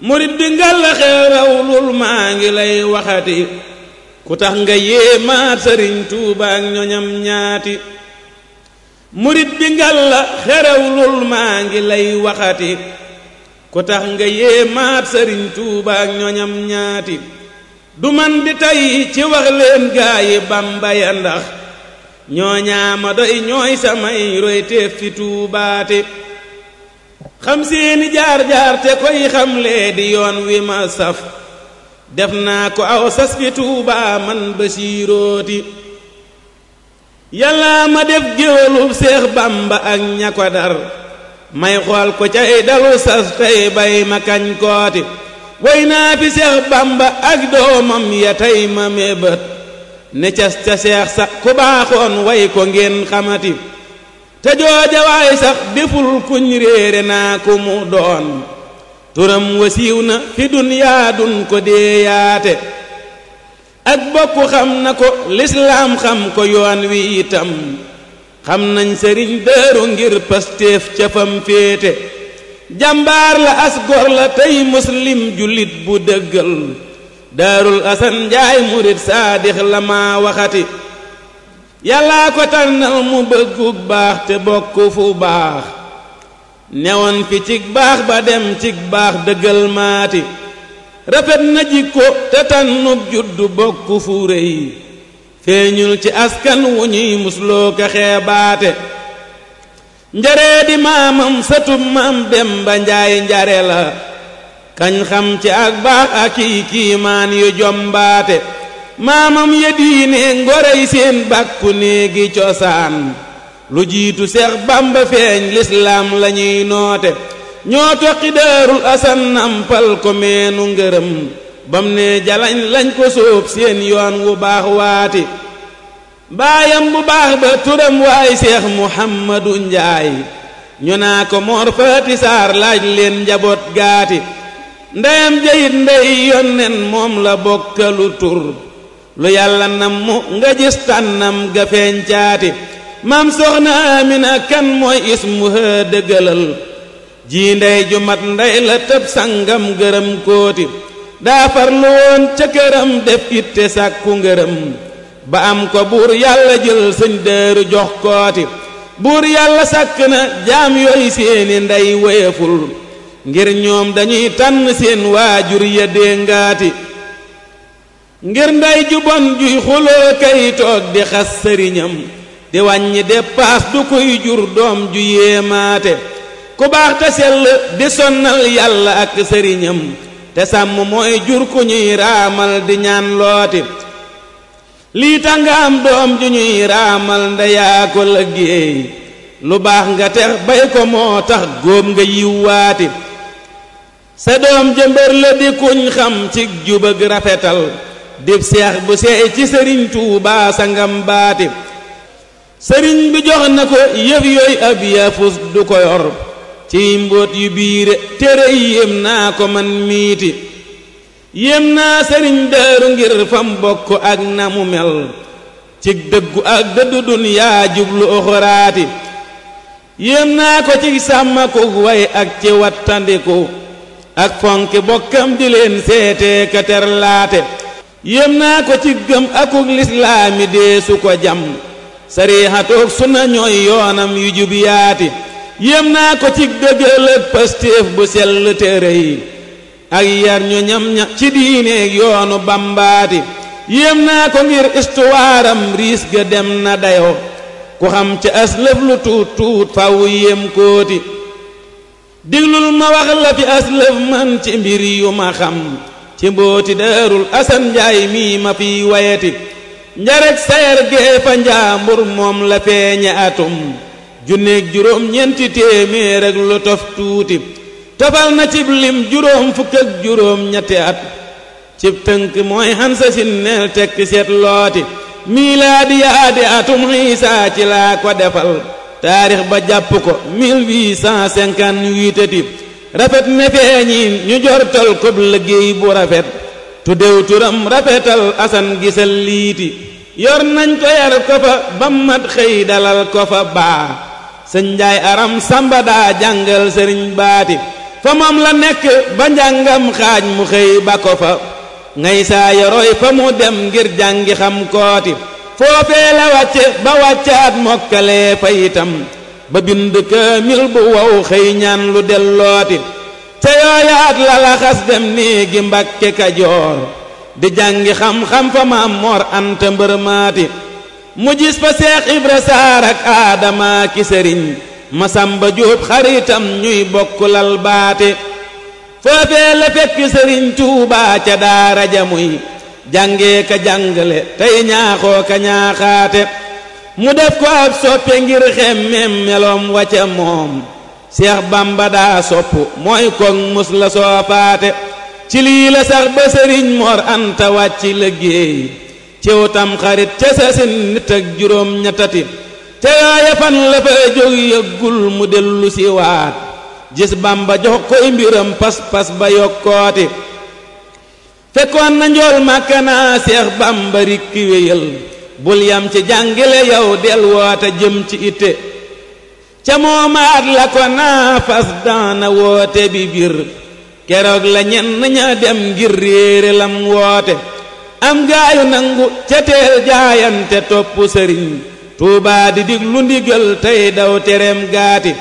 murit bi ngàlla xew maa ngi lay waxati ku tax nga yéemaat sëriñ tuubaak ñoñam ñaati murit bi ngàlla xerew maa ngi lay waxati ku tax nga yéemaat sëriñ tuubaak ñoñam ñaati du man di tey ci wax leen gaa yi bamba ya ndax ñoo ñaama doy ñooy samay roy teef fi tuubaate xam seeni jaar-jaar te koy xamle di yoon wi ma saf def naa ko aw sas fi tuubaa man basiirooti yàlla ma def géwalub seex bamba ak ña dar may xool ko cay dalu sas tey bay ma kañ kooti way seex bamba ak doomam ya tey ma mébét ne cas ca seex sa ku baaxoon way ko ngeen xamati te sax deful kuñ réere naa ko mu doon turam wasiiw na fi dunyaa dun ko deeyaate ak bokk xam na ko lislaam xam ko yoon wi itam xam nañ sëriñ dëru ngir pasteef ca fam féete jàmbaar la as gor la tey muslim jullit bu dëggal daarul asan njaay murit saadix la ma waxati yàllaa ko tànnal mu bëggug baax te bokk fu baax newoon fi cig baax ba dem cig baax dëggal maati rafet na jikko te tànnub juddu bokk fu rëy feeñul ci askan wu ñuy musloo ka xeebaate njare maamam satub maam dem ba njaay njare la kañ xam ci ak baax ak kii kiimaan yu jombaate maamam ya diine ngorey seen bàkku néegi cosaan lu jiitu seex bamba feeñ lislaam lañuy noote ñoo toqi daarul asan nampal ko meenu ngërëm bam ne jalañ lañ ko sóob seen yoon wu baax waati baayam bu baax ba turam waay seex muhammadu njaay ñu naa ko moor faati laaj leen njaboot gaati ndeyam jayit ndey yonnen moom la bokkalu tur lu yàlla namm nga gis tànnam ga feeñ caati maam soxna amina kan mooy ismuha dëggalal jii ndey ju mat ndey la tëb sangam gërëm kooti daa farlu woon ca def itte sàkku ngërëm ba am ko buur yàlla jël sëñ dëeru kooti buur yàlla sàkk na jaam yooyu seeni ndey wéyeful ngir ñoom dañuy tànn seen waajur ya déngaati ngir nday ju bon juy xuloo kay toog di xas sëriñam di wàññi dépaas du koy jur doom ju yéemaate ku baax te sell di sonnal yàlla ak sëriñam te sàmm mooy jur ku ñuy raamal di ñaan looti lii tax am doom ju ñuy raamal ndeyaa ko lëggéey lu baax nga tex bay ko moo tax góob nga yiwwaati sa doom jëmbër la di kuñ xam ci jubag rafetal dib seex bu seey ci sëriñ tuuba sangam baati sëriñ bi jox na ko yëf yooyu ab yafus du koyor yor ci mbóot yu biire tere yéem naa ko man miiti yéem naa sëriñ daaru ngir fam bokk ak na mu mel ci dëggu ak dëddu dunyaa jublu oxoraati yéem naa ko ci sàmmaku way ak ci wattandiku ak fonki bokkam di leen seetee katerlaate yéem naa ko ci gëm akuk lislaami dee ko jam sariixatoog sunna ñooy yoonam yu jub yaati yéem naa ko ci dëggal ak bu sell téere yi ak yar ñu ñam ña ci diineeg yoonu bambaati yéem naa ko ngir istuwaaram riis ga dem na dayo ku xam ca aslëf lu tuut tuut faw yéem kooti diglul ma wax la fi aslëf man ci mbir yu ma xam ci mbooti deerul asan njaay mii fi wayati njarek sayer géefa njaambur moom la feeñe atum junneeg juróom ñeenti téeméer lu tof tuuti tofal na cib juróom fukk juróom ñetti at cib tënk mooy xansa sinneel tekki seet looti miilaadi yaadi atum xiisaa ci laa ko defal taarix ba jàpp ko 1858 rafet ne feeñiin ñu jortal kob liggéey bu rafet tuddew turam rafetal asan gisal liiti yor nañ ko yar ko fa ba mat xëy dalal ko fa baa sëñ aram samba daa jàngal sëriñ baati fa moom la nekk ba njàngam xaaj mu xëy ba ko fa ngay saa yoroy fa mu dem ngir jàngi xam kooti foofee la wàcce ba wàccaat mokkalee fa itam ba bind kaamil bu wow xëy ñaan lu dellooti ca yooyaat la laxas dem nii gi mbàkke kajoor di jàngi xam-xam fa maam moor anta mbërmaati mu gis fa seex ibra saar ak aadama ki sëriñ masamba xaritam ñuy bokk lal baate foofee la fekk sëriñ tuubaa ca daara ja muy ka jàngale tey ñaaxoo ka ñaaxaate mu def ko ab soppe ngir xemmem melom wacce mom cheikh bamba da sopp moy ko musla so faté ci li la sax ba sëriñ mor anta wàcc legge ci tam xarit ci sasin nit ak juróom ñettati te ya fan la fa jog yegul mu delu ci waat jiss bamba jox ko imbiram pas-pas ba yokoti fekkon na ndol makana cheikh bamba rikki weyel bul yam ci jàngile yow del woote jëm ci itte ca moomaat la ko naa fas daana woote bi keroog la ñenn dem ngir réere lam woote am gaayu nangu ca teel jaayante topp sëriñ tuubaa di ndigal tey daw gaati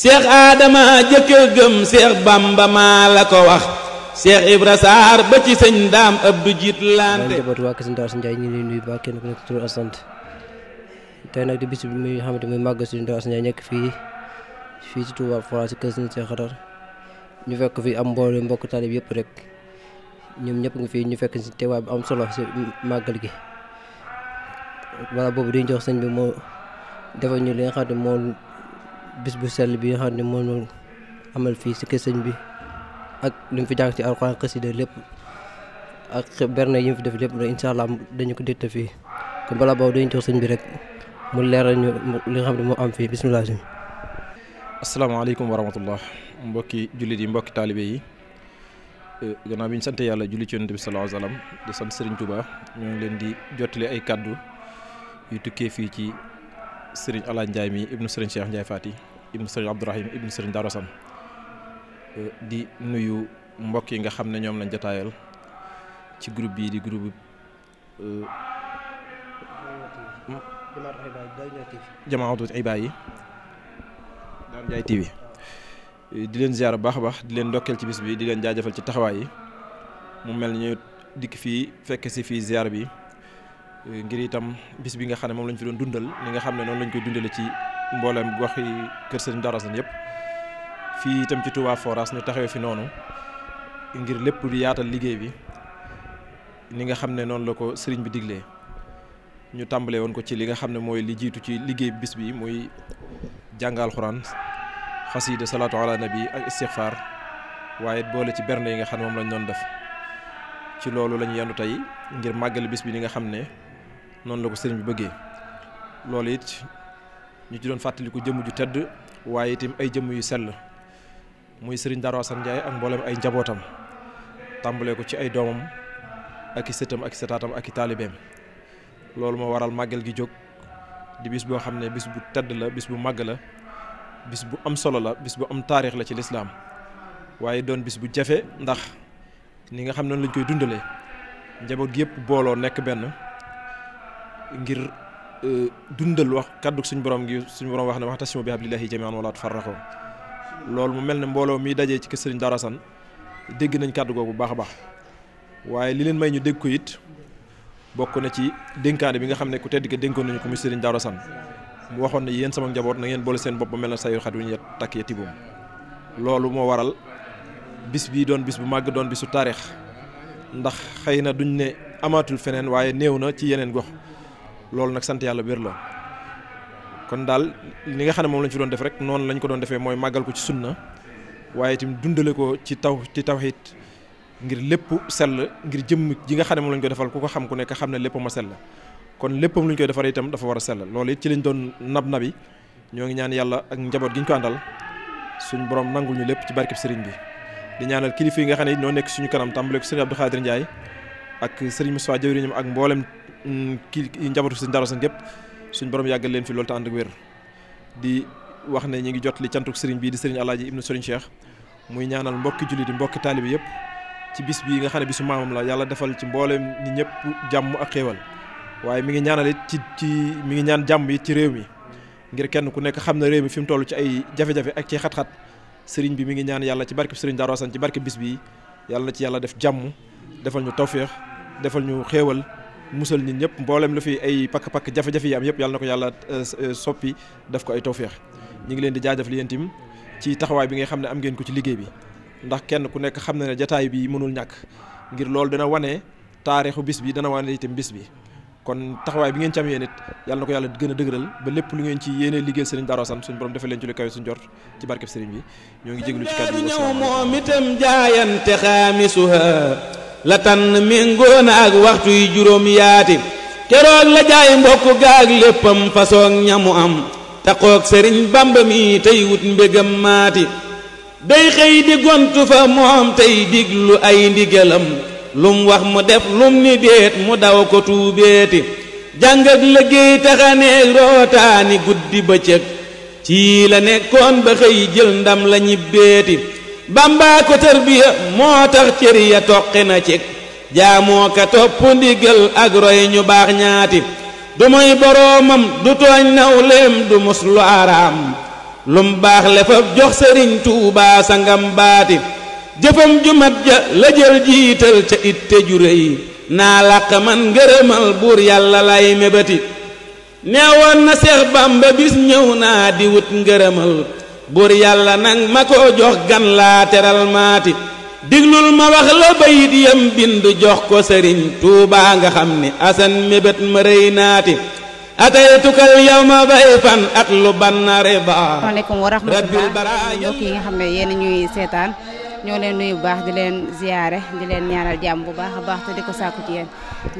seex aadama jëkkër gëm seex bamba maa la ko wax Cheikh Ibra sar ba ci señ daam Abdou Jiit lanté njaboot waa Kër Sëñ Daaru Asan Njaay ñu ngi leen nuyu ba kenn ku nekk tur ak sant tey di bis bi muy xamante muy mag señ Daaru señ jay ñek fi fi ci Touba Fall ci kër Sëñ Cheikh Xadar ñu fekk fi am mbooloo mbokk talib yépp rek ñom ñëpp nga fi ñu fekk ci teewaay bi am solo ci magal gi wala bobu di jox señ bi mo defa ñu li nga xam ne bis bu sel bi nga xam ne amal fi ci kër sëñ bi ak lu mu fi jàng ci alxuraan xasida lépp ak berne yi fi def lépp incha allah dañu ko déglu fii kon balaa boobu dañu jox sëñ bi rek mu leeral ñu li nga xam ne moo am fii bisimilah. asalaamaaleykum wa rahmatullah mbokki jullit yi mbokki taalibe yi euh, gannaaw bi ñu sant yàlla julli ci yonent bi salaahu alayhi wa salaam di sant Serigne Touba ñoo leen di jottali ay kàddu yu tukkee fii ci Serigne Alla njaay mi ibnu Serigne Cheikh Ndiaye Fati ibnu Serigne Abdourahim ibnu Serigne di nuyu mbokk yi nga xamne ñom lañu jotaayal ci groupe bi di groupe euh, jamaatu ibay yi daan jay TV di leen ziar bu baax baax di leen ndokkeel ci bis bi di leen jaajeufal ci taxaway yi mu mel ñu dik fi fekk ci fi ziar bi euh, ngir itam bis bi nga xamne mom lañ fi doon dundal li nga xamne non noonu lañ koy dundale ci mbolam gox yi keur serigne fii itam ci Touba Forage ñu taxawee fi noonu ngir lépp di yaatal liggéey bi ni nga xam ne noonu la ko sëriñ bi digle ñu tàmbalee woon ko ci li nga xam ne mooy li jiitu ci liggéey bis bi muy jàngal xuraan xasiida salaatu ala nabi ak istixfaar waaye boole ci berne yi nga xam ne moom lañ doon def ci loolu lañu yendu tey ngir màggal bis bi ni nga xam ne noonu la ko sëriñ bi bëggee loolu it ñu ci doon fàttaliku jëmm ju tedd waaye itam ay jëmm yu sell muy Serigne daro Assane Ndiaye ak mbollem ay njabotam tàmbalee ko ci ay domam ak setam ak setatam ak talibem lolou mo waral magel gi jog di bis bo xamne bis bu tedd la bis bu mag la bis bu am solo la bis bu am tarikh la ci l'islam waye don bis bu jafé ndax ni nga xamne noonu lañ koy dundalé njabot gi yep bolo nek ben ngir euh, dundal wax kaddu suñu borom gi suñu borom wax na wax tasimu bi jami'an wala tafarraqu loolu mu mel ne mbooloo miy dajee ci kër sëriñ Daara Assane dégg nañ kàddu googu bu baax a baax waaye li leen may ñu dégg ko it bokk na ci dénkaane bi nga xam ne ku tedd ki dénkoon nañu ko muy sëriñ Daara mu waxoon ne yéen sama njaboot nangeen ngeen boole seen bopp ba mel na sayu xat wi ñu takk ya tiboom loolu moo waral bis bii doon bis bu màgg doon bisu taarix ndax xëy na duñ ne amatul feneen waaye néew na ci yeneen gox loolu nag sant yàlla bér la kon daal li nga xam ne moom lañ fi doon def rek noonu lañ ko doon defee mooy màggal ko ci na waaye itam dundale ko ci taw ci taw tawhid ngir lépp sell ngir jëmm ji nga xam ne moom lañ ko defal ku ko xam ku nekk xam ne lépp ma sell kon lépp lu ñu koy defaree itam dafa war a sell loolu it ci lañ doon nab nabi ñoo ngi ñaan yàlla ak njaboot gi ñu ko àndal suñ borom nangul ñu lépp ci barkeb sëriñ bi di ñaanal kilifa yi nga xam ne ñoo nekk suñu kanam tàmbale ko sëriñ Abdou Khadir Ndiaye ak sëriñ Moussa ak mboolem mm, ki njabootu sëriñ Darou Sane gépp suñ borom yàggal leen fi loolu te ànd ak wér di wax ne ñu ngi jot li cantuk sëriñ bii di sëriñ alaaji ibnu sëriñ cheikh muy ñaanal mbokki jullit yi mbokki taalibe yëpp ci bis bii nga xam ne bisu maamam la yàlla defal ci mbooleem ni ñëpp jàmm ak xéewal waaye mi ngi ñaanal it ci ci mi ngi ñaan jàmm it ci réew mi ngir kenn ku nekk xam ne réew mi fi mu toll ci ay jafe-jafe ak ci xat-xat sëriñ bi mi ngi ñaan yàlla ci barke sëriñ Darou ci barke bis bi yàlla ci yàlla def jàmm defal ñu tawféex defal ñu xéewal musal ñun ñëpp mboolem lu fi ay pakk-pakk jafe-jafe yi am yëpp yàlla na ko yàlla euh, euh, soppi daf ko ay tawféex ñu ngi leen di jaajëf li yéen ci taxawaay bi ne am ngeen ko ci liggéey bi na ko yàlla gën a dëgëral ba lépp lu ngeen ci yéenee liggéeyal sëriñ Darou suñu borom defal leen ci lu kawe suñu jort ci barkeb sëriñ bi ñoo ngi jéglu ci kàddu ñëw moom itam jaayante xaamisuha la tànn méngoo na ak waxtu yi juróom yaati keroog la jaay mbokk gaag léppam fasoog ñamu am taqoog sëriñ bamba mi tey wut mbégam maati day xëy di gontu fa moom tey diglu ay ndigalam lum wax mu def lum ni déet mu daw ko tuubeeti jàng ak liggéey taxaneeg rootaani guddi bëccëg ci la nekkoon ba xëy jël ndam la ñibbeeti bamba ko moo tax cër ya toqi na ci jaamoo ka topp ndigal ak roy ñu baax ñaati du moy boroomam du tooñ nawleem du mus lu araam lum baax le jox sëriñ tuubaa sa ngam jëfam ju ja la jël jiital ca itte ju rëy naa làq man ngërëmal buur yàlla lay mébati neewoon na seex bamba bis ñëw naa di wut ngërëmal buur yàlla nag ma ko jox gan laa teral maati diglul ma wax la bayit yam bind jox ko sëriñ tuubaa nga xam ni asan mébét ma rëy naati ataytukal yawma bayfan at lu banna riba asalaamaaleykum wa rahmatullah mbokk yi nga xam ne yéen ñuy seetaan ñoo leen nuyu bu baax di leen ziyaare di leen ñaanal jàmm bu baax a baax te di ko sàkku ci yéen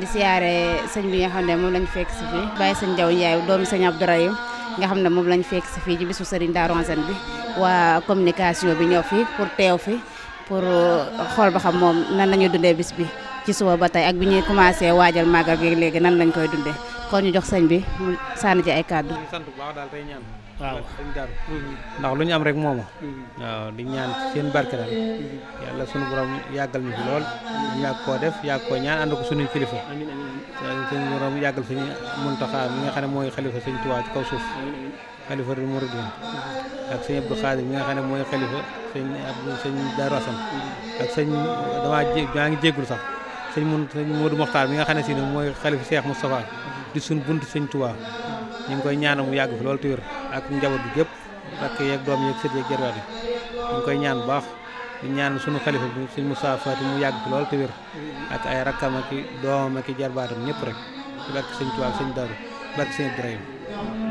di ziyaare sëñ bi nga xam ne moom lañu fekk si fii bàyyi sëñ Jaw Njaay doomi sëñ Abdourahim nga xam ne moom lañ fekk si fii ci bisu Serigne Darou Hassane bi waa communication bi ñëw fi pour teew fi pour euh, xool ba xam moom nan lañu dundee bis bi ci suba ba tey ak bi ñuy commencé waajal màggal gi léegi nan lañu koy dundee kon ñu jox sëñ bi mu sànni ci ay kàddu sant bu waaw ndax lu ñu am rek moomu mm-hmm. waaw di ñaan seen barke daal mm-hmm. yàlla sunu borom yàggal ñu fi lool yàgg koo def yàgg koo ñaan ànd ko sunuy kilifa sunu borom yàggal suñu Muntaxa mi nga xam ne mooy xalifa sëñ Tuubaa ci kaw suuf xalifa du muridin mm-hmm. ak sëñ Abdou Khadir mi nga xam ne mooy xalifa sëñ Abdou sëñ Darou Assane ak sëñ ngi jéggul sax sëñ mun sëñ Modou Mokhtar mi nga xam ne si ne mooy xalifa Cheikh Moustapha di suñ bunt sëñ Tuubaa ñu ngi koy ñaanal mu yàgg fi lool te wér ak njabot bi gep ak yak dom yak sët yak jarwaat yi ñu koy ñaan baax di ñaan suñu khalifa bi suñ Moussa Faty mu yag lool te wér ak ay rakam ak dom ak jarbaatam ñep rek ci barke sëñ Tuubaa sëñ Daaru barke sëñ Ibrahima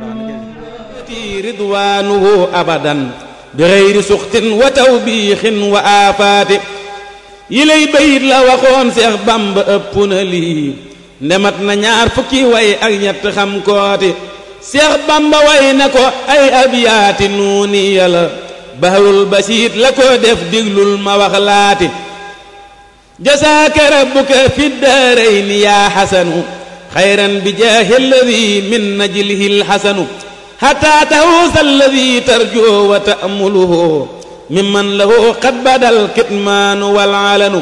waaw ridwanuhu abadan bi ghayri sukhtin wa tawbihin wa afati yi lay bayit la waxoon cheikh Bamba epuna li nemat na ñaar fukki way ak ñett xam koti شيخ بامبا وينكو اي ابيات نوني لا بهول بشير لاكو ديف ديغلول ما وخلاتي جزاك ربك في الدارين يا حسن خيرا بجاه الذي من نجله الحسن حتى تهوس الذي ترجو وتأمله ممن له قد بدا الكتمان والعلن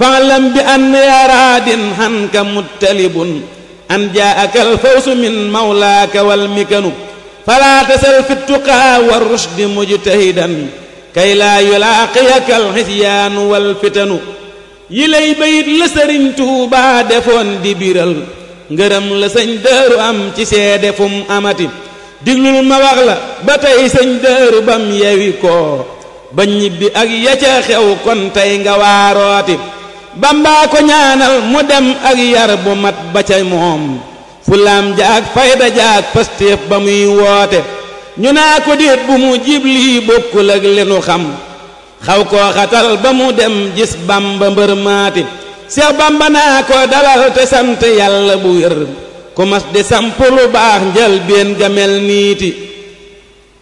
فاعلم بأن يا راد هنك متلب أم جاءك الفوز من مولاك والمكن فلا تسل في التقى والرشد مجتهدا كي لا يلاقيك العصيان والفتن yilay bayit la sëriñ Tuuba defoon di biral ngërëm la sëñ dëru am ci seede fum amati diglul ma wax la ba tey sëñ dëru bam yewi ko ba ñibbi ak ya ca xew kon tey nga waarooti bamba ko ñaanal mu dem ak yar bu mat ba ca mom fulam ja ak fayda ja ak pastéef ba muy woote ñu na ko deet bu mu jibli bokul ak lenu xam xaw ko xatal ba mu dem gis bamba mbeur maati seex bamba na ko dalal te sante yalla bu yeur ko mas de samp lu baax njël gamel niti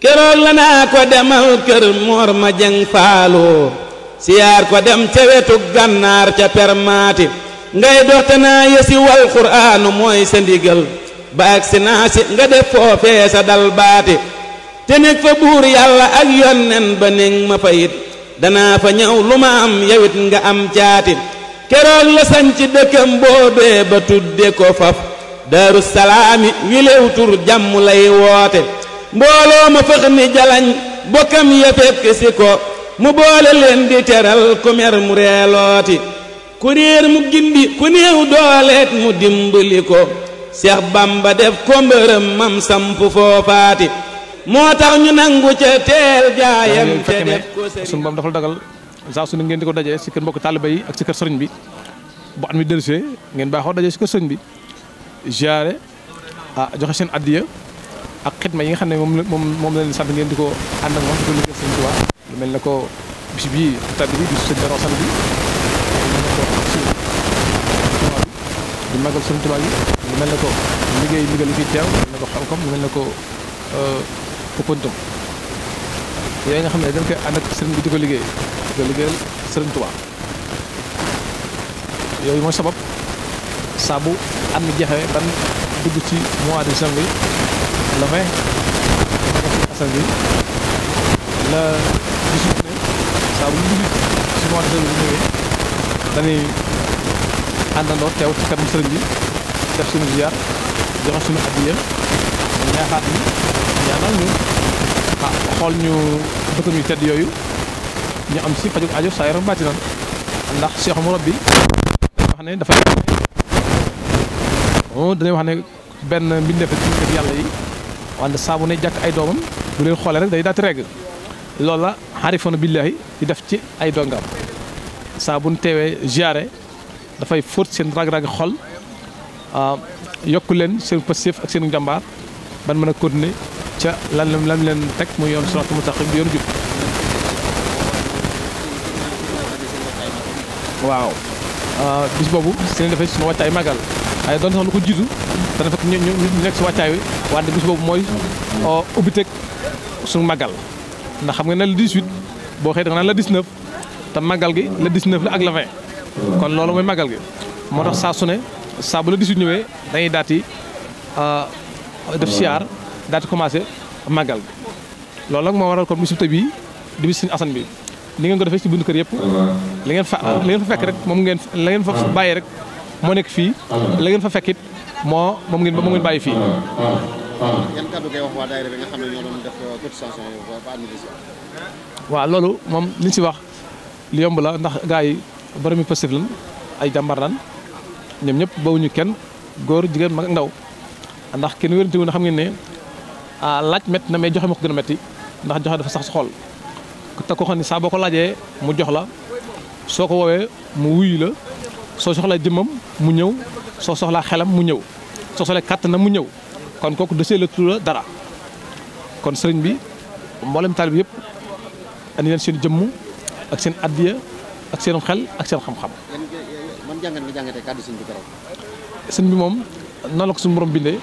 kero la na ko demal keur mor ma jeng faalo Siar ko dem ci wetu gannar ci permati ngay doxte naa yesi wal sendi moy sa ndigal ba ak si nga def foofee sa dal bati te nek fa bur yalla ak yonen ba néng ma fayit dana fa ñaw luma am yewit nga am ciati kero la san ci dëkkam ba tudde ko faf wilew tur jam lay wote mbolo ma jalañ bokam yefek ya ci ko mu boole leen di teral ku mer mu reelooti ku réer mu gindi ku néew dooleet mu dimbali ko Seex Bamba def ko mbërëm mam samp foofaati moo tax ñu nangu ca teel jaayam te def ko suñu dafa la dagal saa su ne ngeen di ko dajee si kër mbokk taaliba ak si kër bi bu at mi dellusee ngeen baaxoo dajee si kër sëriñ bi ziyaare ah joxe seen addiya ak xidma yi nga xam ne moom moom moom leen sant ngeen di ko ànd ak moom di ko liggéey sëriñ lu mel na ko bis bii tàdd bi bisu bi di màggal sëñ Tuubaa yi lu mel ne ko liggéey ndigal lu fi teew lu mel na ko xam-xam euh, yooyu nga xam ne dañ koy ànd ak sëriñ bi di liggéey di ko liggéeyal sëriñ Tuubaa yooyu mooy sabab saabu am na jeexee ban dugg ci mois de décembre bi la fin bi saa bu ñu dugg si mois de bu ñëwee dañuy àndandoo teew ci kanam sëriñ bi def suñu ziar joxe suñu addiya ñaaxaat yi ñaanal ñu ah xool ñu bëkkam yu tedd yooyu ñu am si oh dañuy wax ne benn mbindeef ci yàlla yi wante saa bu ne jàkk ay doomam bu leen xoolee rek day daati regg Lola la billahi di def ci ay dongam sa buñ ñu teewee da fay fóot sen rag-rag xol ah, yokku len sen passif ak sen jambar ban mën a ca lan lan len tek mu yoon siraatal mutaqib bi jup wow waaw ah, bis sen da fay sunu watay magal ay don sax lu ko jitu da fa ñu nekk si wàccaay wi wante bis moy mooy ah, ubitek sunu magal ndax xam nga na la 18 boo xëy da nga la 19 te màggal gi la 19 la ak la 20 kon loolu mooy màggal gi moo tax saa su ne saa bu la 18 ñëwee dañuy daati euh, def siyaar daati commencé màggal gi loolu nag moo waral kon bisub bii di bis suñu asan bi li ngeen ko defee ci buntu kër yëpp li ngeen fa li ngeen fa fekk rek moom ngeen la ngeen fa bàyyi rek moo nekk fii la ngeen fa fekkit moo moom ngeen moom ngeen bàyyi fii Ah. yan kaddu ngay wax waa daayira bi nga xam ne ñoo doon def cotisation yi ba administration waaw loolu moom liñ si wax li yomb la ndax gars yi boromi positif lan ay jàmbar lan ñoom ñëpp bawuñu kenn góor jigéen mag ndaw ndax kenn wérante wu xam ngeen ne ah, laaj métti na mais joxe ma ko gën a métti ndax joxe dafa sax mu jox la soo ko mu wuyu la soo soxlaa jëmmam mu ñëw kon kooku desee la tura dara kon sëriñ bi mboolem taalib yëpp andi leen seen jëmm ak seen addiya ak seenu xel ak seen xam-xam. man jàngat nga jàngatee kàddu sëñ bi moom noonu la ko suñu borom bindee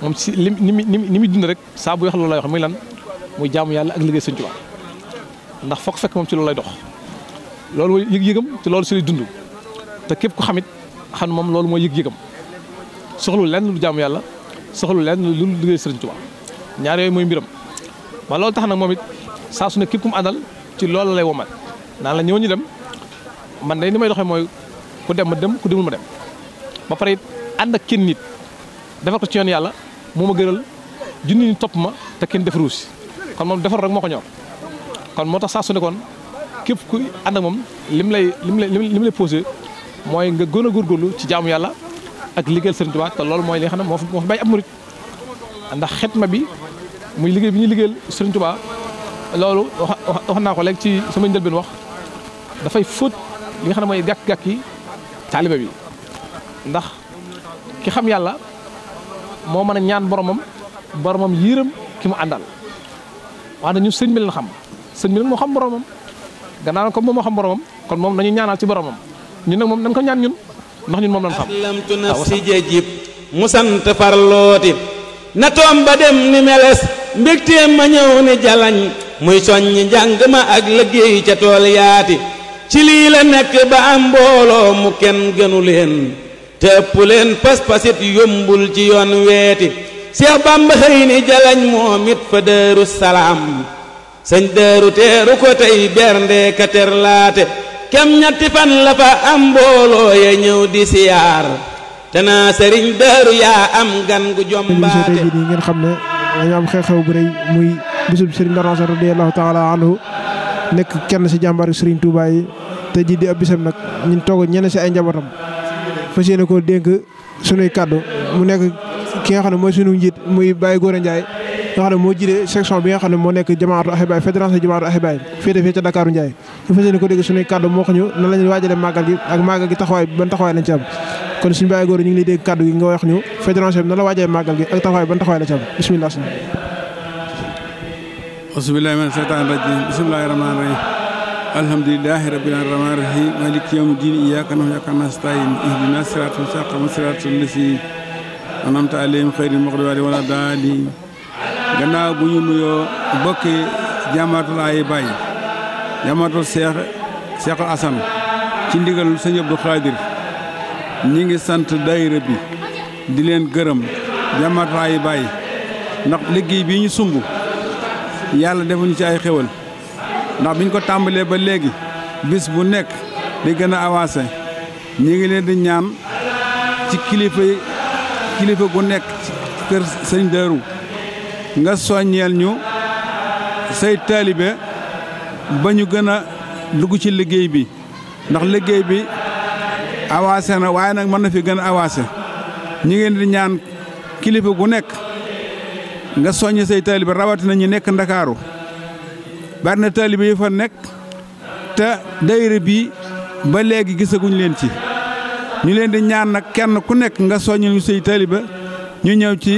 moom si li ni muy ni muy dund rek saabu bu wax loolu lay wax muy lan muy jaamu yàlla ak liggéey sëñ Tuubaa ndax foog fekk moom ci loolu lay dox loolu mooy yëg-yëgam te loolu si lay dund te képp ku xamit xam moom loolu mooy yëg-yëgam soxlu lenn lu jaamu yàlla. soxlu leen lu dul liggéey Sëriñ Tuubaa ñaar yooyu mooy mbiram ba loolu tax nag moom it saa su ne képp ku mu àndal ci loolu lay womal naan la ñëw ñu dem man day ni may doxee mooy ku dem ma dem ku demul ma dem ba pare it ànd ak kenn nit defar ko ci yoon yàlla moo ma gëral junni ñu topp ma te kenn defaru si kon moom defar rek moo ko ñor kon moo tax saa su ne kon képp ku ànd ak moom lim lay lim lay lim lay posé mooy nga gën a góorgóorlu ci jaamu yàlla. ak liggéeyal Sëriñ Tuubaa te loolu mooy li xam moo fi moo fi bàyyi ab murit ndax xetma bi muy liggéey bi ñuy liggéeyal Sëriñ Tuubaa loolu wax wax naa ko léegi ci sama njëlbeen wax dafay fóot li xam ne mooy gàkk-gàkk yi taalibe bi ndax ki xam yàlla moo mën a ñaan boromam boromam yiiram ki mu àndal wax na ñu sëñ bi leen xam sëñ bi nag moo xam boromam gannaaw nag comme moom moo xam boromam kon moom nañu ñaanal ci boromam ñun nag moom nañ ko ñaan ñun ndax ñun moom lañ xam aslamtu nafsi jajib mu sant farlooti na toom ba dem ni meles mbégteem ma ñëw ni jalañ muy soññ njàng ma ak liggéey ca tool yaati ci lii la nekk ba am mbooloo mu kenn gënu leen te ëpp leen pas-pasit yombul ci yoon weeti Seex Bàmba xëy ni jalañ moom it fa Daaru Salaam Daaru teeru ko tey bernde ka terlaate kem ña fan la fa am mbooloo ya ñëw di siyaar te naa sëriñ dëru yaa am gan gu jombaate tey jii nii ngeen xam ne dañu am xew-xew bu muy bisub sëriñ Darou Assane radiyallahu taala anhu nekk kenn si jàmbaar sëriñ Touba yi te ji di ab bisam nag ñun toog ñenn si ay njabootam fas yéene koo dénk sunuy kàddu mu nekk ki nga xam ne mooy sunu njiit muy Baye Gora Ndiaye nga xam ne moo jiite section bi nga xam ne moo nekk jamaatu ahibaay fédération jamaatu ahibaay féete fii ca Dakaaru Ndiaye ñu fas yéene ko dégg suñuy kàddu moo xam ñu nan lañu waajale màggal gi ak màggal gi taxawaay ban taxawaay lañ ci am kon suñu bàyyi góor ñu ngi lay dégg kàddu gi nga wax ñu fédération bi nan la waajale màggal gi ak taxawaay ban taxawaay lañ ci am bisimilah suñu asubillahi mina seytaani rajim bisimilahi rahmaani rahim alhamdulilahi rabbil rahmaani rahim maliki yawmi diin iyyaka na'budu wa iyyaka nasta'iin ihdina siraatal mustaqiim siraatal laziina an'amta alayhim xayril maxduubi alayhim wa lad-daalliin gannaaw bu ñu nuyoo bokki jàmmaatul ay baay jàmmaatul seex seexul asan ci ndigal sëñ Abdu Xaadir ñu ngi sant daayira bi di leen gërëm jàmmaatul ay baay ndax liggéey bi ñu sumb yàlla defuñu ci ay xéwal ndax biñ ko tàmbalee ba léegi bis bu nekk di gën a avancé ñi ngi leen di ñaan ci kilifa kilifa gu nekk ci kër sëñ Daaru nga soññeel ñu say taalibe ba ñu gën a dugg ci liggéey bi ndax liggéey bi avancé na waaye nag mën na fi gën a avancé ñi ngeen di ñaan kilifa gu nekk nga soññ say taalibe rawatina ñi nekk ndakaaru bari na taalibe yi fa nekk te dayre bi ba léegi gisaguñ leen ci ñu leen di ñaan nag kenn ku nekk nga soññal ñu say taalibe ñu ñëw ci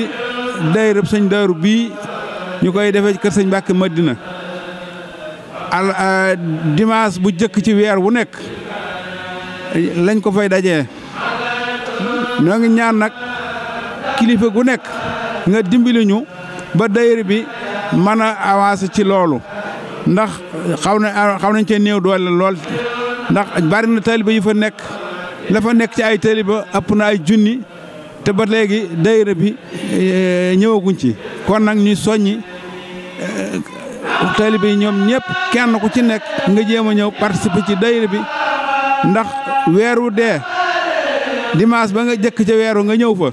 daayirab sëñ daaru bii ñu koy defee kër sëñ Mbàkke Madina al euh, bu jëkk ci weer wu nekk lañ ko fay dajee ñoo ngi ñaan nag kilifa gu nekk nga dimbali ñu ba daayira bi mën a avancer ci loolu ndax xaw na xaw nañ cee néew doole lool ndax bari na taaliba yu fa nekk la fa nekk ci ay taaliba ëpp na ay junni te ba léegi daayira bi eh, ñëwaguñ ci kon nag ñu soññi eh, taalibe yi ñoom ñëpp kenn ku ci nekk nga jéem a ñëw participer ci daayira bi ndax weeru dee dimaas ba nga jëkk ca weeru nga ñëw fa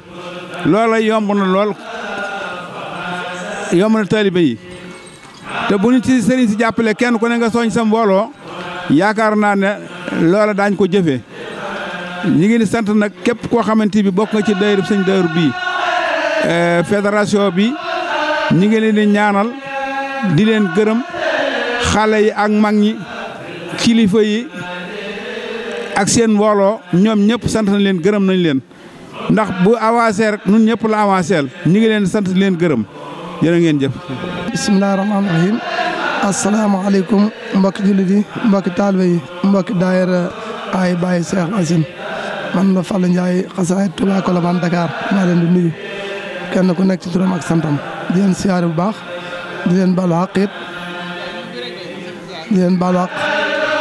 loola yomb na lool yomb na taalibe yi te bu ñu ci sëriñ si jàppale kenn ku ne nga soñ sa mbooloo yaakaar naa ne loola daañ ko jëfee ñi ngi ni sant nag képp koo xamante bi bokk nga ci dayru sëñ dayru bii e, fédération bi ñi ngi leen di ñaanal di leen gërëm xale yi ak mag ñi kilifa yi ak seen mbooloo ñoom ñëpp sant nañ leen gërëm nañ leen ndax bu avancé rek nun ñëpp la avancé ñi ngi leen sant leen gërëm jërë ngeen jëf bisimilah rahmaani rahim asalaamaaleykum mbokki jullit yi mbokki taalibe yi mbokki daayira ay Baye Cheikh Assine man la Fallou Ndiaye xasaay Touba Colobane Dakar maa leen di nuyu kenn ku nekk ci turam ak santam di leen bu baax di leen baalu àq it di leen baalu àq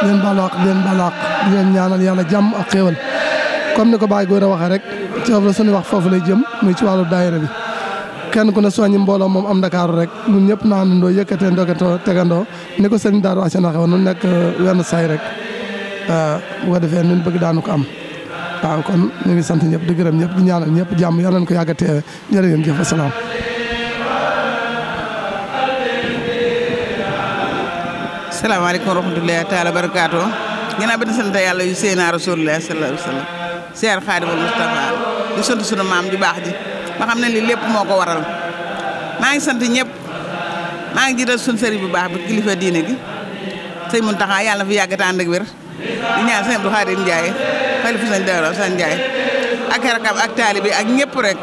di leen baalu àq di leen baalu ñaanal yàlla jàmm ak xéewal comme ni ko Baye Gora waxee rek ci la suñu wax foofu lay jëm muy ci wàllu daayira bi kenn ku ne soññi mbooloo moom am Dakar rek ñun ñëpp naan ndoo yëkkatee ndokatoo tegandoo ni ko sëñ Darou Assane a woon nu nekk euh, wenn say rek euh, bu defee ñun bëgg daanu ko am. waaw kon ñu ngi sant ñëpp di gërëm ñëpp di ñaanal ñëpp jàmm yal nañu ko yàgg a teewe jërë ngeen jëf asalaam salaamaaleykum wa rahmatullahi taala bi di sant yàlla yu seenaa rasulullah sallallahu alayhi wa sallam seer xaadimul sunu maam ju baax ji ba xam ne lii lépp moo ko waral maa ngi sant ñëpp maa ngi jiital sunu sëriñ bu baax bi kilifa diine gi sëñ Muntaxa yàlla na fi yàgg te ànd ak ñaan sëñ Abdou Xaadim Ndiaye xalifu sëñ daro Assane Ndiaye ak rakam ak taalibe ak ñepp rek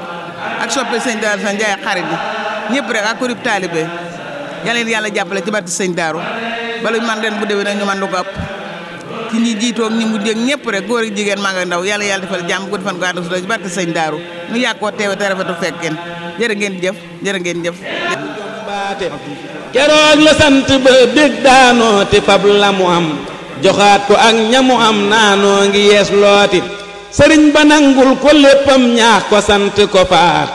ak soppe sëñ Daaru Assane Ndiaye xarit bi ñepp rek ak kurib taalibe ya leen yalla jàppale ci barke sëñ Daaru ba lu man ren bu nak ñu man lu ko ëpp ci ñi ak ñi mu dégg ñepp rek goor ak jigéen maa nga ndaw yalla yalla defal jamm ko defal ko ànd su ci barke sëñ Daaru ñu yàgg koo teewe te rafetu fekkeen ngeen jëf jere ngeen jëf ak la sante be dégg te fab la mu am joxaat ko ak ñamu am naanoo ngi yees looti sëriñ ba nangul ko léppam ñaax ko sant ko faat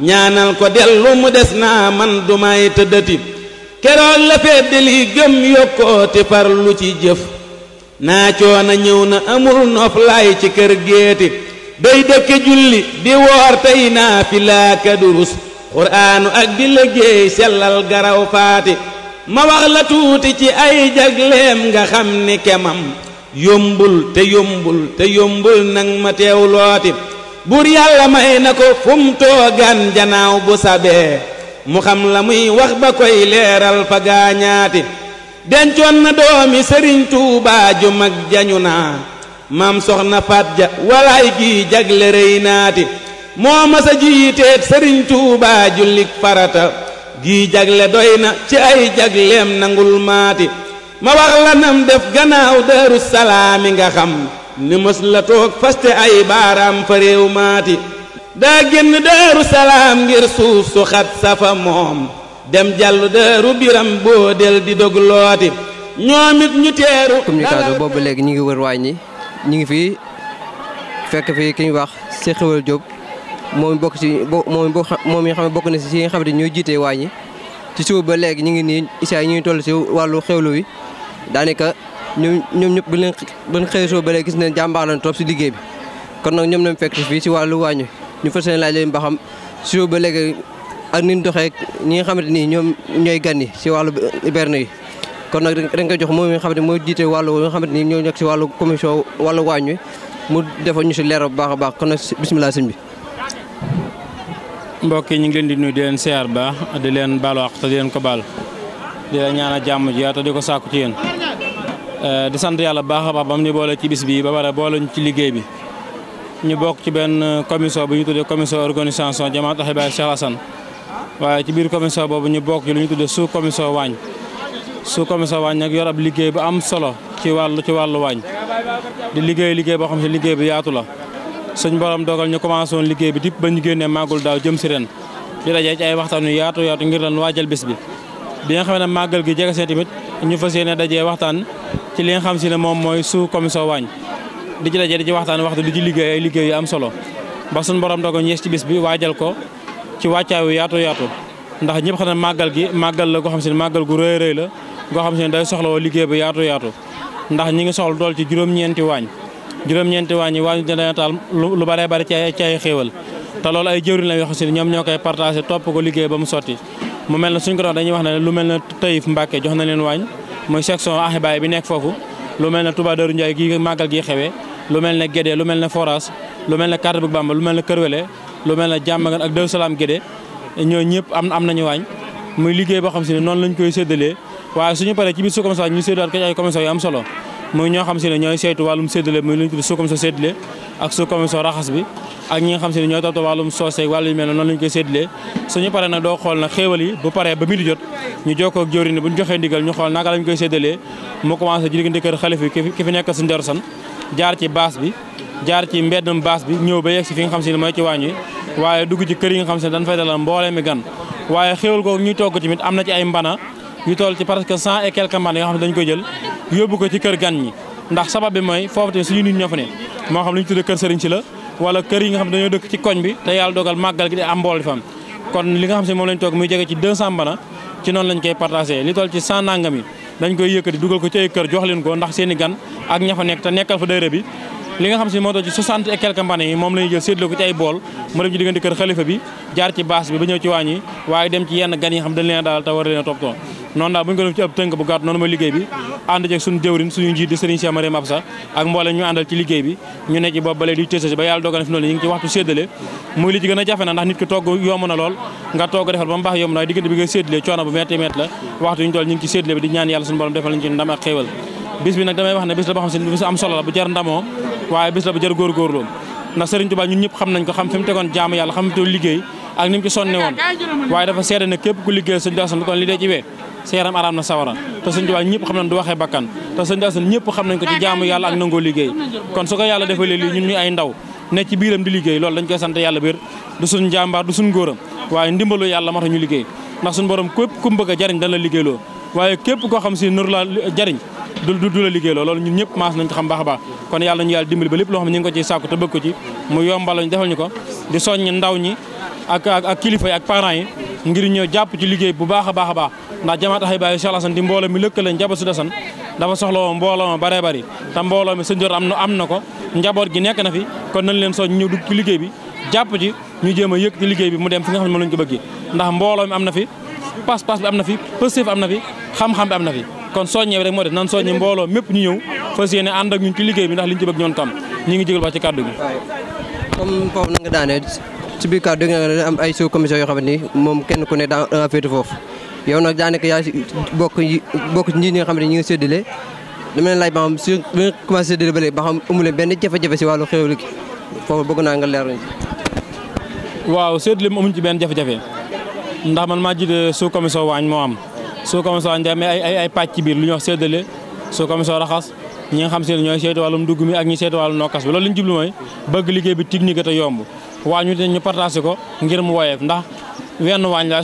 ñaanal ko dellu mu des naa man du may tëddati keroog la fedd li gëm yokkooti far lu ci jëf naa coona ñëw na amul nof lay ci kër géeti day dëkk julli di woor tey naa fi laa kadurus xuraanu ak di liggéey sellal garaw faati ma wax la tuuti ci ay jagleem nga xam ni kemam yombul te yombul te yombul nag ma teew looti buur yàlla may na ko fu mu toogaan janaaw bu sabee mu xam la muy wax ba koy leeral fa gaañaati dencoon na doomi sëriñ tuubaa mag jañu naa maam soxna faat ja walaay gii jagle rëy naati moo masa jiiteet sëriñ tuubaa jullik farata gii jagle doy na ci ay jagleem nangul maati ma wax la nam def gannaaw daaru salaami nga xam ni mës la toog faste ay baaraam fa réew maati daa génn daaru salaam ngir suuf su xat safa moom dem jàllu daaru biram boo di dog looti ñoom ñu teeru communication boobu léegi ñu ngi wër waañ ñi ñu ngi fii fekk fii ki wax Cheikh Xewal moom bokk ci moom moom yi xam ne bokk na si yi nga xam ne ñoo jiitee waañ yi ba léegi ñu ngi nii isaa yi ñu toll si wàllu xewlu wi daanaka ñoom ñoom ñëpp bu leen ban xëy ba léegi gis nañ jàmbaar si liggéey bi kon nag ñoom lañ fekk fii si wàllu waañ wi ñu fas yéene laaj leen ba xam suba ba léegi ak ni ñu doxee ñi nga xamante ni ñoom ñooy gan yi si wàllu berne yi kon nag dañ koy jox moom mi nga xamante ni moo jiite wàllu xamante ni ñoo nekk si wàllu commission wàllu waañ wi mu defa ñu si leeral bu baax a baax kon nag bisimilah sëñ bi mbokk yi ñu ngi di nuyu di seer siyaar baax di leen baal wax te di leen ko baal di leen ñaanal jàmm ji te di ko sàkku ci yéen eh, di sant yàlla baax a baax ba mu ñu boolee ci bis bi ba bare boole ci liggéey bi. ñu bokk ci benn commission bu ñu tuddee commission organisation jamaatu xibaar Cheikh Hassane waaye ci biir commission boobu ñu bokk ci lu ñu tuddee sous commission waañ sous commission waañ nag yor ab liggéey bu am solo ci wàllu ci wàllu waañ di liggéey liggéey boo xam ne liggéey bi yaatu la. suñ borom dogal ñu commencé woon liggéey bi dipp ba ñu génnee màggul daaw jëm si ren di dajee ci ay waxtaan yu yaatu yaatu ngir lan waajal bés bi bi nga xam ne màggal gi jege see tamit ñu fas yéene dajee waxtaan ci li xam si ne moom mooy sous commission waañ di ci dajee di ci waxtaan waxtu di ci liggéey ay liggéey yu am solo ba suñ borom dogal ñees ci bés bi waajal ko ci wàccaayu yaatu yaatu ndax ñëpp xam na màggal gi màggal la goo xam si ne màggal gu rëy rëy la goo xam si ne day soxla woo liggéey bu yaatu yaatu ndax ñi ngi soxla dool ci juróom-ñeenti waañ juróom-ñeenti waañ yi waañu dina taal lu baree bari ci ay ci ay xéewal te loolu ay jëwriñ la yoo xam si ñoom ñoo koy partagé topp ko liggéey ba mu sotti mu mel na suñ ko doon dañuy wax ne lu mel na Taïf Mbàkke jox na leen waañ muy section ahibaay bi nekk foofu lu mel na Touba Darou Ndiaye gi màggal gi xewee lu mel ne Gédé lu mel ne forage lu mel ne carte bu Bamba lu mel ne Kër Wele lu mel ne Jàmmagan ak Daaru Salaam Gédé ñoo ñëpp am am nañu waañ muy liggéey boo xam si noonu lañ koy séddalee waaye suñu paree ci biir su commission ñu séddaat ko ay commission am solo muy ñoo xam si ne ñooy saytu wàllum séddale muy lu ñu tudd sous-commission séddale ak sous-commission raxas bi ak ñi xam si ne ñooy toppatoo wàllum soosey wàllu yu ñu paree nag doo xool nag xéewal yi bu paree ba mi di jot ñu jokkoo ak bu ñu joxee ndigal ñu xool naka lañ koy séddalee mu commencé ci diggante kër xalif yi ki fi nekk suñu deru jaar ci baas bi jaar ci mbeddum baas bi ñëw ba yegg si fi nga xam si ne mooy ci waañ wi waaye dugg ci kër yi nga xam si na yu tool ci presque que et quelques man yoo xam ne dañu ko jël yóbbu ko ci kër gan ñi ndax sabab bi mooy foofu tamit suñu nit ñoo ne moo xam lu ñu tuddee kër sëriñ si la wala kër yi nga xam ne dañoo dëkk ci koñ bi te yàlla dogal màggal gi di am mbool di fa am kon li nga xam si moom lañ toog muy jege ci 200 mbana ci noonu lañ koy partagé li toll ci 100 nangam yi dañ koy yëkkati dugal ko ci ay kër jox leen ko ndax seen i gan ak ña fa nekk te nekkal fa dayra bi li nga xam si moo tax ci soixante et quelques mbané yi moom la jël séddale ko ci ay bool mu dem ci diggante kër xalifa bi jaar ci baas bi ba ñëw ci wàññi waaye dem ci yenn gan yi xam dañ leen daal te war a toppatoo noonu noonu mooy liggéey bi ànd ceeg suñu jëwrin suñu njiit di Serigne Cheikh Mariam Absa ak mboolem ñu àndal ci liggéey bi ñu nekk ci boobu balee di tësasi ba yàlla dogal fi noonu ñu ngi ci waxtu séddale muy li ci gën a jafe na ndax nit bis bi nag damay wax ne bis la boo xam si ne bis am solo bu jar ndamoo waaye bis la bu jar góorgóorlu ndax Serigne Touba ñun ñëpp xam nañ ko xam fi tegoon jaamu yàlla xam fi liggéey ak ni ci sonne woon waaye dafa seede ne képp ku liggéeyal Serigne kon li dee ci wee sa araam na sawara te Serigne Touba ñëpp xam nañ du waxee bakkan te Serigne Touba Assane ñëpp xam nañ ko ci jaamu yàlla ak nangoo liggéey kon su ko yàlla defalee lii ñun ñu ay ndaw a du du la liggéey loolu ñun ñëpp maas nañ ko xam baax a baax kon yàlla nañu yàlla dimbali ba lépp loo xam ne ko ci sàkku te bëgg ko ci mu yombal ñu defal ñu ko di soññ ndaw ñi ak ak kilifa yi ak parents yi ngir ñëw jàpp ci liggéey bu baax a baax a baax ndax jamaat Ahibahil Cheikh Alassane di mbooloo mi lëkkale njaboot su desan dafa soxla woon mbooloo ma bare bari te mbooloo mi am na am na ko njaboot gi nekk na fi kon nañ leen soññ ñëw dugg ci liggéey bi jàpp ci ñu jéem a yëg liggéey bi mu dem fi nga xam ne lañ ko bëggee ndax mbooloo am na fi pas-pas bi am na fi pëstéef am na fi xam-xam bi fi kon soññee bi moo def nan soññe mbooloo mépp ñu ñëw fas yéene ànd ak ñun ci liggéey bi ndax liñ ci bëgg ñoon tam ñi ngi jégal wax ci kàddu gi comme foofu na nga daanee ci biir kàddu gi nag ay sous commission yoo xam ne moom kenn ku ne daa nga foofu yow nag daanaka yaa bokk bokk ci ñi nga xam ne ñi ngi séddale dama leen laaj ba xam ba ba xam amu benn jafe-jafe si wàllu xéwlu gi bëgg naa nga leer ci waaw séddale mu ci benn jafe ndax man maa jiite sous commission waañ moo am sous commission demee ay ay pàcc biir lu ñuy wax séddale sous raxas ñi nga xam seen ñooy seetu wàllum dugg mi ak ñi seetu wàllum nokkas bi loolu li ñu jublu mooy bëgg liggéey bi technique te yomb waa ñu te ñu partagé ko wenn waañ la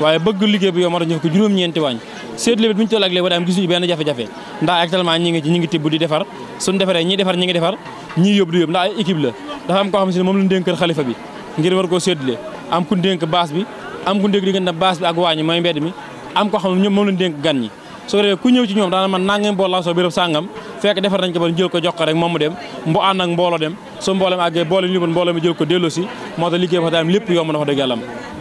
waaye bëgg liggéey bi yomb moo tax ñu def ko juróom-ñeenti waañ seetlu bi bu ñu toll ak léegi ba daam gisuñu benn jafe-jafe ndax actuellement ñi ngi ci ñi ngi tibb di defar suñu defaree ñi defar ñi ngi defar ñi yóbbu di yóbbu ndax équipe la dafa am koo xam ne moom lañ dénk kër xalifa bi ngir war koo baas bi am ku dégg diggante baas bi ak waañ mooy mbedd mi am ko xam ne ñoom moom lañ dénk gan ñi soo defee ku ñëw ci ñoom daana man nangam bool soo béréb sàngam fekk defar nañ ko ba jël ko jox ko rek moom mu dem mbu ànd ak mbooloo dem su mbooloo mi boole ñu bon mbooloo jël ko delloosi moo tax liggéey ba daal lépp yomb na fa